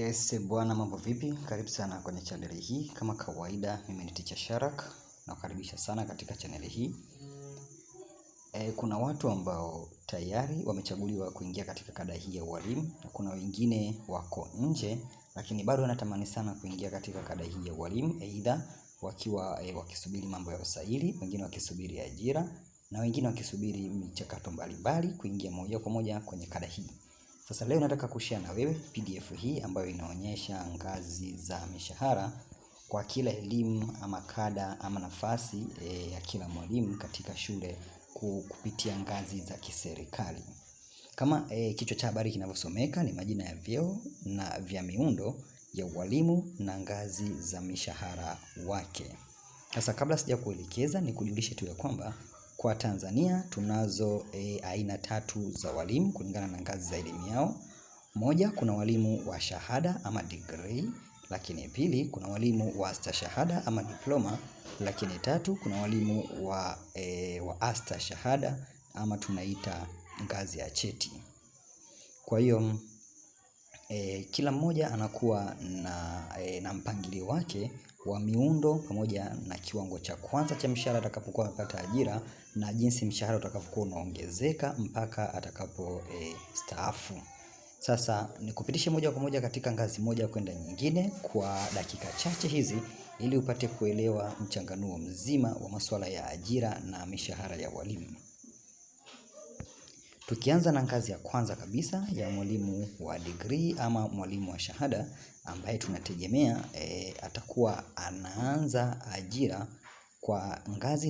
Yes, bwana mambo vipi? Karibu sana kwenye chaneli hii. Kama kawaida, mimi ni Teacher Sharak na nakaribisha sana katika chaneli hii. E, kuna watu ambao tayari wamechaguliwa kuingia katika kada hii ya ualimu na kuna wengine wako nje, lakini bado wanatamani sana kuingia katika kada hii ya ualimu, aidha wakiwa e, wakisubiri mambo ya usaili, wengine wakisubiri ajira na wengine wakisubiri michakato mbalimbali kuingia moja kwa moja kwenye kada hii. Sasa leo nataka kushare na wewe PDF hii ambayo inaonyesha ngazi za mishahara kwa kila elimu ama kada ama nafasi e, ya kila mwalimu katika shule kupitia ngazi za kiserikali kama e, kichwa cha habari kinavyosomeka ni majina ya vyeo na vya miundo ya ualimu na ngazi za mishahara wake. Sasa kabla sija kuelekeza, ni kujulishe tu ya kwamba kwa Tanzania tunazo e, aina tatu za walimu kulingana na ngazi za elimu yao. Moja, kuna walimu wa shahada ama degree, lakini pili, kuna walimu wa shahada ama diploma, lakini tatu, kuna walimu wa, e, wa shahada ama tunaita ngazi ya cheti. Kwa hiyo e, kila mmoja anakuwa na, e, na mpangilio wake wa miundo pamoja na kiwango cha kwanza cha mshahara atakapokuwa amepata ajira na jinsi mshahara utakavyokuwa unaongezeka mpaka atakapo e, staafu. Sasa nikupitishe moja kwa moja katika ngazi moja kwenda nyingine kwa dakika chache hizi ili upate kuelewa mchanganuo mzima wa masuala ya ajira na mishahara ya walimu. Tukianza na ngazi ya kwanza kabisa ya mwalimu wa degree ama mwalimu wa shahada ambaye tunategemea e, atakuwa anaanza ajira kwa ngazi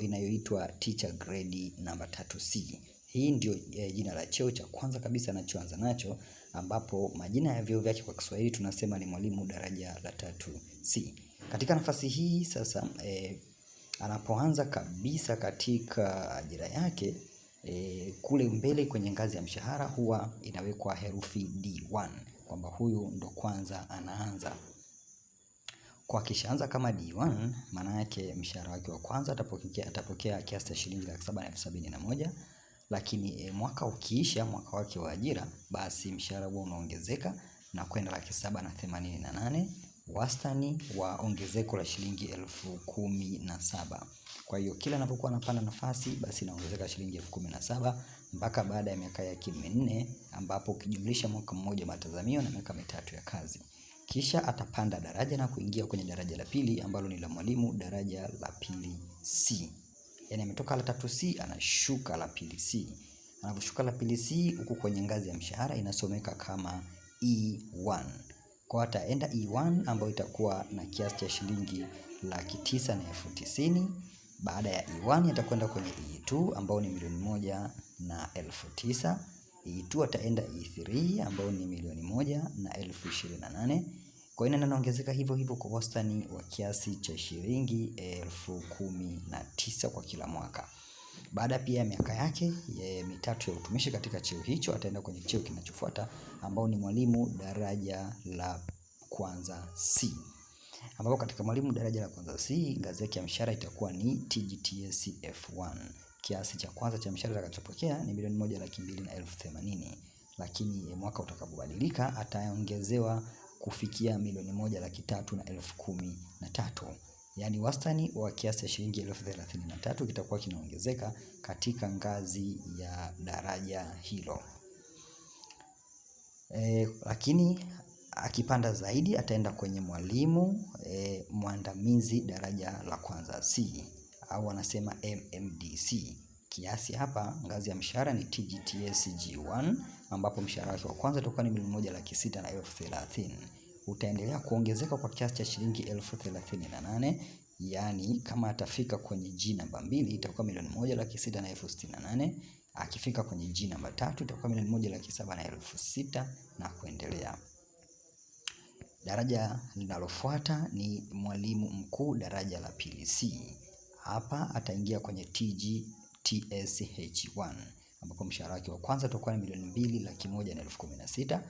inayoitwa teacher grade namba 3C. Hii ndio e, jina la cheo cha kwanza kabisa anachoanza nacho, ambapo majina ya vyeo vyake kwa Kiswahili tunasema ni mwalimu daraja la 3C. Katika nafasi hii sasa e, anapoanza kabisa katika ajira yake E, kule mbele kwenye ngazi ya mshahara huwa inawekwa herufi D1 kwamba huyu ndo kwanza anaanza. Kwa kishaanza kama D1, maana yake mshahara wake wa kwanza atapokea, atapokea kiasi cha shilingi laki saba na elfu sabini na moja lakini e, mwaka ukiisha mwaka wake wa ajira, basi mshahara huo unaongezeka na kwenda laki saba na themanini na nane wastani wa ongezeko la shilingi elfu kumi na saba. Kwa hiyo kila anapokuwa anapanda nafasi basi naongezeka shilingi elfu kumi na saba mpaka baada ya miaka yake minne ambapo ukijumlisha mwaka mmoja matazamio na miaka mitatu ya kazi. Kisha atapanda daraja na kuingia kwenye daraja la pili ambalo ni la mwalimu daraja la pili C. Yani ametoka la tatu C anashuka la pili C. Anaposhuka la pili C huku kwenye ngazi ya mshahara inasomeka kama E1. Kwa ataenda E1 ambayo itakuwa na kiasi cha shilingi laki tisa na elfu tisini baada ya E1 atakwenda kwenye E2 ambao ni milioni moja na elfu tisa. E2 ataenda E3 ambao ni milioni moja na elfu ishirini na nane. Kwa hiyo neno inaongezeka hivyo hivyo kwa wastani wa kiasi cha shilingi elfu kumi na tisa kwa kila mwaka. Baada pia ya miaka yake ya mitatu ya utumishi katika cheo hicho ataenda kwenye cheo kinachofuata ambao ni mwalimu daraja la kwanza C ambapo katika mwalimu daraja la kwanza C ngazi yake ya mshahara itakuwa ni TGTS F1. Kiasi cha kwanza cha mshahara atakachopokea ni milioni moja laki mbili na elfu themanini lakini mwaka utakapobadilika ataongezewa kufikia milioni moja laki tatu na elfu kumi na tatu yaani wastani wa kiasi cha shilingi elfu thelathini na tatu kitakuwa kinaongezeka katika ngazi ya daraja hilo. E, lakini Akipanda zaidi ataenda kwenye mwalimu eh, mwandamizi daraja la kwanza C au wanasema MMDC. Kiasi hapa ngazi ya mshahara ni TGTS G1 ambapo mshahara wake wa kwanza utakuwa ni milioni moja laki sita na elfu thelathini. Utaendelea kuongezeka kwa kiasi cha shilingi elfu thelathini na nane yaani kama atafika kwenye G namba mbili itakuwa milioni moja laki sita na elfu sitini na nane akifika kwenye G namba tatu itakuwa milioni moja laki saba na elfu sita na kuendelea. Daraja linalofuata ni mwalimu mkuu daraja la pili C. Hapa ataingia kwenye tsh 1 ambapo mshahara wake wa kwanza utakuwa ni milioni mbili laki moja na elfu kumi na sita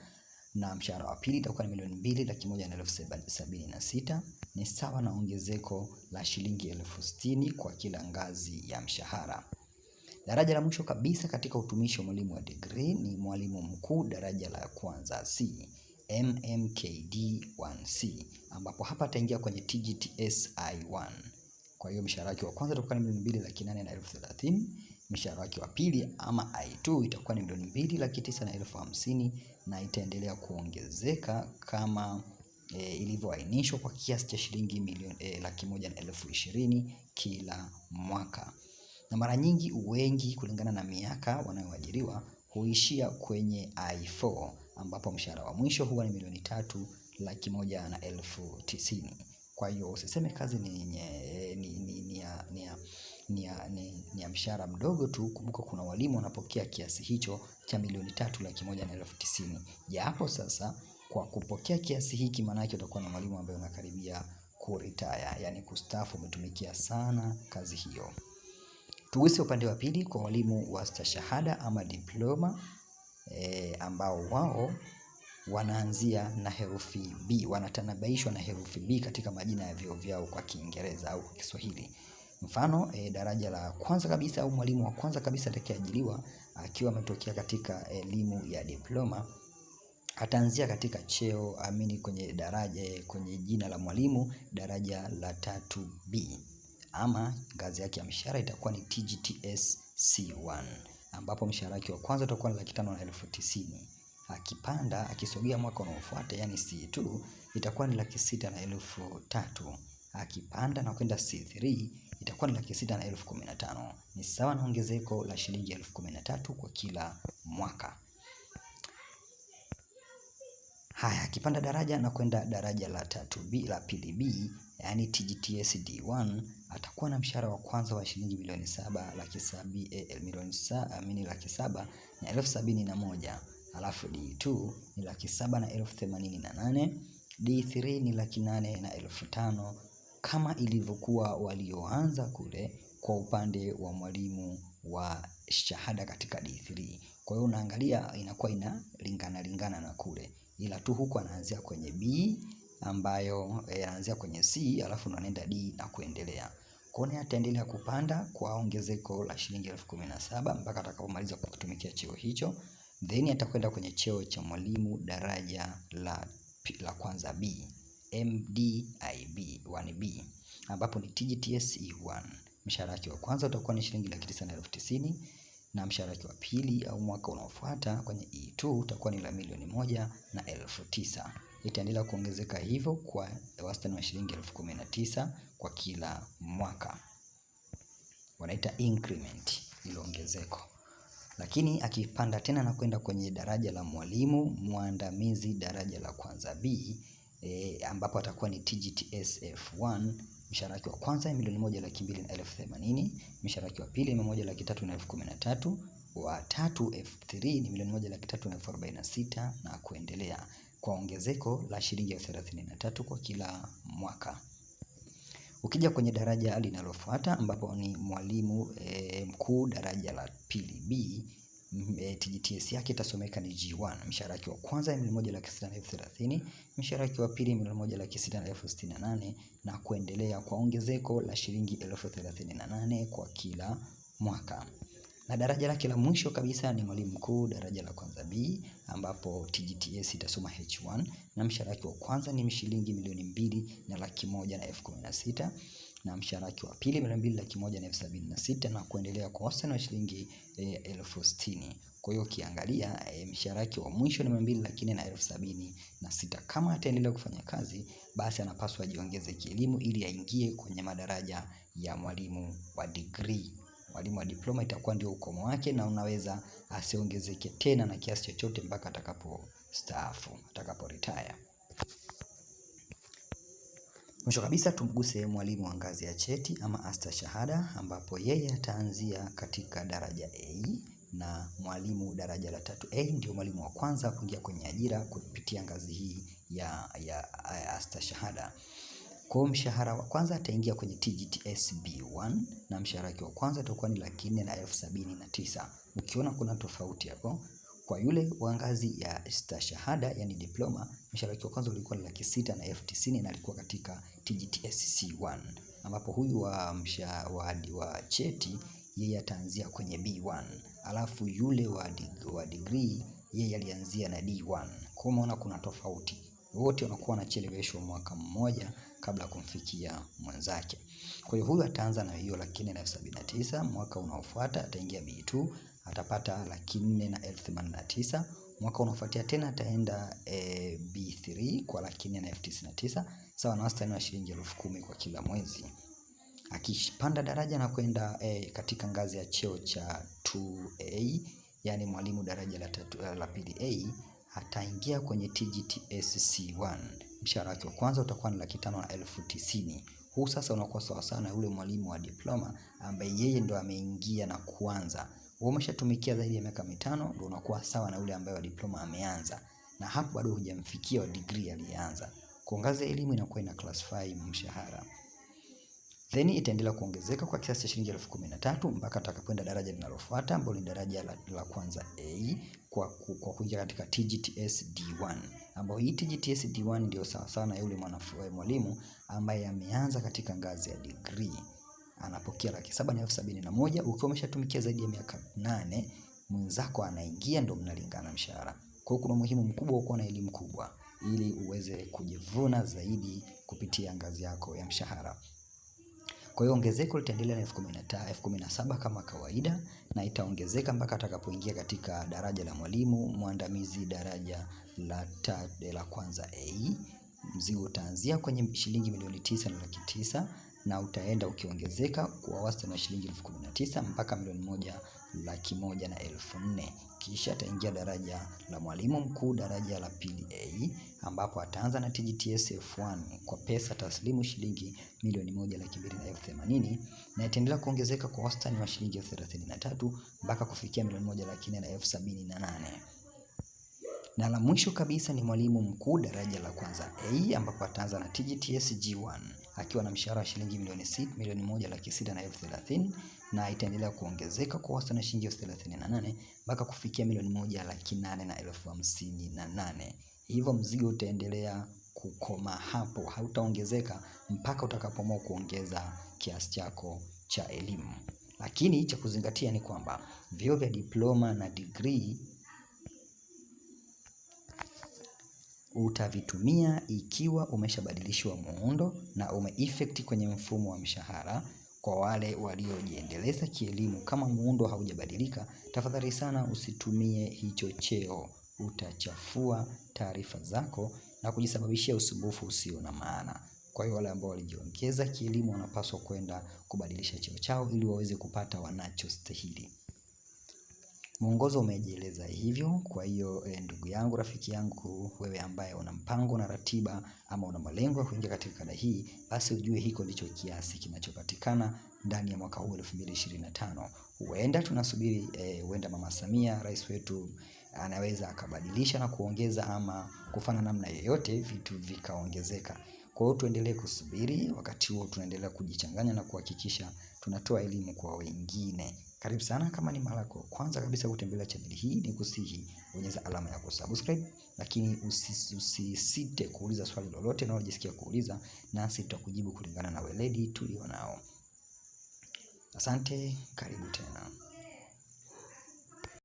na mshahara wa pili itakuwa ni milioni mbili laki moja na elfu sabini na sita ni sawa na ongezeko la shilingi elfu sitini kwa kila ngazi ya mshahara. Daraja la mwisho kabisa katika utumishi wa mwalimu wa digrii ni mwalimu mkuu daraja la kwanza C. MMKD1C ambapo hapa ataingia kwenye TGTSI1. Kwa hiyo mshahara wake wa kwanza utakuwa ni milioni mbili laki nane na elfu thelathini. Mshahara wake wa pili ama I2 itakuwa ni milioni mbili laki tisa na elfu hamsini na itaendelea kuongezeka kama e, ilivyoainishwa kwa kiasi cha shilingi milioni e, laki moja na elfu ishirini kila mwaka, na mara nyingi wengi kulingana na miaka wanayoajiriwa huishia kwenye I4 ambapo mshahara wa mwisho huwa ni milioni tatu laki moja na elfu tisini. Kwa hiyo usiseme kazi ni ya mshahara mdogo tu. Kumbuka kuna walimu wanapokea kiasi hicho cha milioni tatu laki moja na elfu tisini. Japo sasa kwa kupokea kiasi hiki maanake utakuwa na mwalimu ambaye unakaribia kuritaya, yani kustaafu, umetumikia sana kazi hiyo. Tuguse upande wa pili kwa walimu wa stashahada ama diploma. Eh, ambao wao wanaanzia na herufi B, wanatanabaishwa na herufi B katika majina ya vyuo vyao kwa Kiingereza au kwa Kiswahili. Mfano e, daraja la kwanza kabisa au mwalimu wa kwanza kabisa atakayeajiriwa akiwa ametokea katika elimu ya diploma ataanzia katika cheo amini kwenye daraja eh, kwenye jina la mwalimu daraja la tatu B, ama ngazi yake ya mshahara itakuwa ni TGTS C1 ambapo mshahara wake wa kwanza utakuwa ni laki tano na elfu tisini. Akipanda akisogea mwaka unaofuata, yani C2 itakuwa ni laki sita na elfu tatu. Akipanda na kwenda C3 itakuwa ni laki sita na elfu kumi na tano. Ni sawa na ongezeko la shilingi elfu kumi na tatu kwa kila mwaka. Haya, akipanda daraja na kwenda daraja la tatu B, la pili B, yani TGTS D1 atakuwa na mshahara wa kwanza wa shilingi milioni saba laki sabi, eh, eh, milioni amini eh, laki saba na elfu sabini na moja alafu D2 ni laki saba na elfu themanini na nane D3 ni laki nane na elfu tano kama ilivyokuwa walioanza kule kwa upande wa mwalimu wa shahada katika D3. Kwa hiyo unaangalia inakuwa inalingana lingana na kule, ila tu huku anaanzia kwenye B ambayo e, anaanzia kwenye C alafu anaenda D na kuendelea. Kwa hiyo ataendelea kupanda kwa ongezeko la shilingi elfu kumi na saba mpaka atakapomaliza kutumikia cheo hicho, then atakwenda kwenye cheo cha mwalimu daraja la, la kwanza B MDIB 1B ambapo ni TGTS E1. Mshahara wake wa kwanza utakuwa ni shilingi laki tisa na elfu tisini na mshahara wake wa pili au mwaka unaofuata kwenye E2 utakuwa ni la milioni moja na elfu tisa. Itaendelea kuongezeka hivyo kwa wastani wa shilingi elfu kumi na tisa kwa kila mwaka, wanaita increment, ilo ongezeko. Lakini akipanda tena na kwenda kwenye daraja la mwalimu mwandamizi daraja la kwanza B, e, ambapo atakuwa ni tgtsf 1 mshahara wake wa kwanza milioni moja laki mbili na elfu themanini mshahara wake wa pili milioni moja laki tatu na elfu kumi na tatu wa tatu F3 ni milioni moja laki tatu na elfu arobaini na sita na kuendelea kwa ongezeko la shilingi elfu thelathini na tatu kwa kila mwaka. Ukija kwenye daraja linalofuata ambapo ni mwalimu e, mkuu daraja la pili B Eh, TGTS yake itasomeka ni G1. wake wa kwanza milioni moja laki sita na elfu thelathini wa pili milioni moja laki sita na elfu sitini na nane na kuendelea kwa ongezeko la shilingi elfu thelathini na nane kwa kila mwaka na daraja lake la mwisho kabisa ni mwalimu mkuu daraja la kwanza B, ambapo TGTS itasoma H1 na wake wa kwanza ni shilingi milioni mbili na laki moja na elfu kumi na sita na msharaki wa pili milioni mbili laki moja na elfu sabini na sita na kuendelea kwa wastani wa shilingi e, elfu sitini. Kwa hiyo ukiangalia e, msharaki wa mwisho ni mbili laki nne na elfu sabini na sita. Kama ataendelea kufanya kazi, basi anapaswa ajiongeze kielimu ili aingie kwenye madaraja ya mwalimu wa digrii. Mwalimu wa diploma itakuwa ndio ukomo wake, na unaweza asiongezeke tena na kiasi chochote mpaka staafu atakapo retire. Mwisho kabisa tumguse mwalimu wa ngazi ya cheti ama astashahada, ambapo yeye ataanzia katika daraja A na mwalimu daraja la tatu A ndio mwalimu wa kwanza kuingia kwenye ajira kupitia ngazi hii ya, ya, ya astashahada. Kwa mshahara wa kwanza ataingia kwenye TGTS B1 na mshahara wake wa kwanza utakuwa ni laki nne na elfu sabini na tisa. Ukiona kuna tofauti hapo kwa yule wa ngazi ya stashahada yani diploma, mshahara wake wa kwanza ulikuwa ni laki sita na elfu tisini na alikuwa katika TGTSC1, ambapo huyu wa mshahara wa cheti yeye ataanzia kwenye B1, alafu yule wa, dig wa degree yeye alianzia na D1. Kwa maana kuna tofauti, wote wanakuwa wanacheleweshwa mwaka mmoja kabla ya kumfikia mwenzake. Kwa hiyo huyu ataanza na hiyo laki nne na elfu sabini na tisa, mwaka unaofuata ataingia B2 atapata laki nne na elfu themanini na tisa. Mwaka unaofuatia tena ataenda e, B3 kwa laki nne na elfu tisini na tisa sawa na wastani wa shilingi elfu kumi kwa kila mwezi. Akipanda daraja na kwenda e, katika ngazi ya cheo cha 2A yani mwalimu daraja la tatu, e, la pili A ataingia kwenye TGTS C1. Mshahara wake wa kwanza utakuwa ni laki tano na elfu tisini. Huu sasa unakuwa sawasawa na yule mwalimu wa diploma ambaye yeye ndo ameingia na kuanza wewe umeshatumikia zaidi ya miaka mitano ndio unakuwa sawa na yule ambaye wa diploma ameanza, na hapo bado hujamfikia wa degree aliyeanza. ya elimu inakuwa ina classify mshahara, then itaendelea kuongezeka kwa kiasi cha shilingi elfu kumi na tatu mpaka atakapoenda daraja linalofuata ambalo ni daraja la, la kwanza A kwa, kwa kuingia katika TGTS D1 ambayo hii TGTS D1 ndio sawasawa na yule mwalimu ambaye ameanza katika ngazi ya degree umeshatumikia laki saba na elfu sabini na moja ukiwa umeshatumikia zaidi ya miaka nane mwenzako anaingia, ndo mnalingana mshahara. Kwa hiyo kuna umuhimu mkubwa wa kuwa na elimu kubwa ili uweze kujivuna zaidi kupitia ngazi yako ya mshahara. Kwa hiyo ongezeko litaendelea na elfu kumi na saba kama kawaida, na itaongezeka mpaka atakapoingia katika daraja la mwalimu mwandamizi daraja la, tatu la kwanza A. Mzigo utaanzia kwenye shilingi milioni tisa na laki tisa na utaenda ukiongezeka kwa wastani wa shilingi elfu kumi na tisa mpaka milioni moja laki moja na elfu nne kisha ataingia daraja la mwalimu mkuu daraja la pili A ambapo ataanza na TGTS F1 kwa pesa taslimu shilingi milioni moja laki mbili na elfu themanini na itaendelea kuongezeka kwa wastani wa shilingi elfu thelathini na tatu mpaka kufikia milioni moja laki nne na elfu sabini na nane na la mwisho kabisa ni mwalimu mkuu daraja la kwanza A ambapo ataanza na TGTS G1 akiwa na mshahara wa shilingi milioni sita, milioni moja laki sita na elfu thelathini na itaendelea kuongezeka kwa wastani na shilingi elfu thelathini na nane mpaka kufikia milioni moja laki nane na elfu hamsini na nane. Hivyo mzigo utaendelea kukoma hapo, hautaongezeka mpaka utakapoamua kuongeza kiasi chako cha elimu. Lakini cha kuzingatia ni kwamba vyuo vya diploma na degree utavitumia ikiwa umeshabadilishiwa muundo na umeeffect kwenye mfumo wa mshahara. Kwa wale waliojiendeleza kielimu, kama muundo haujabadilika, tafadhali sana usitumie hicho cheo, utachafua taarifa zako na kujisababishia usumbufu usio na maana. Kwa hiyo wale ambao walijiongeza kielimu wanapaswa kwenda kubadilisha cheo chao ili waweze kupata wanachostahili. Mwongozo umejieleza hivyo kwa hiyo eh, ndugu yangu rafiki yangu wewe ambaye una mpango na ratiba ama una malengo ya kuingia katika kada hii basi ujue hiko ndicho kiasi kinachopatikana ndani ya mwaka huu 2025. Huenda tunasubiri eh, huenda Mama Samia rais wetu anaweza akabadilisha na kuongeza ama kufanya namna yoyote vitu vikaongezeka. Kwa hiyo tuendelee kusubiri wakati huo tunaendelea kujichanganya na kuhakikisha tunatoa elimu kwa wengine. Karibu sana kama ni mara yako kwanza kabisa kutembelea chaneli hii, ni kusihi bonyeza alama ya kusubscribe, lakini usisite usi kuuliza swali lolote unalojisikia kuuliza, nasi tutakujibu kulingana na weledi tulionao. Asante, karibu tena.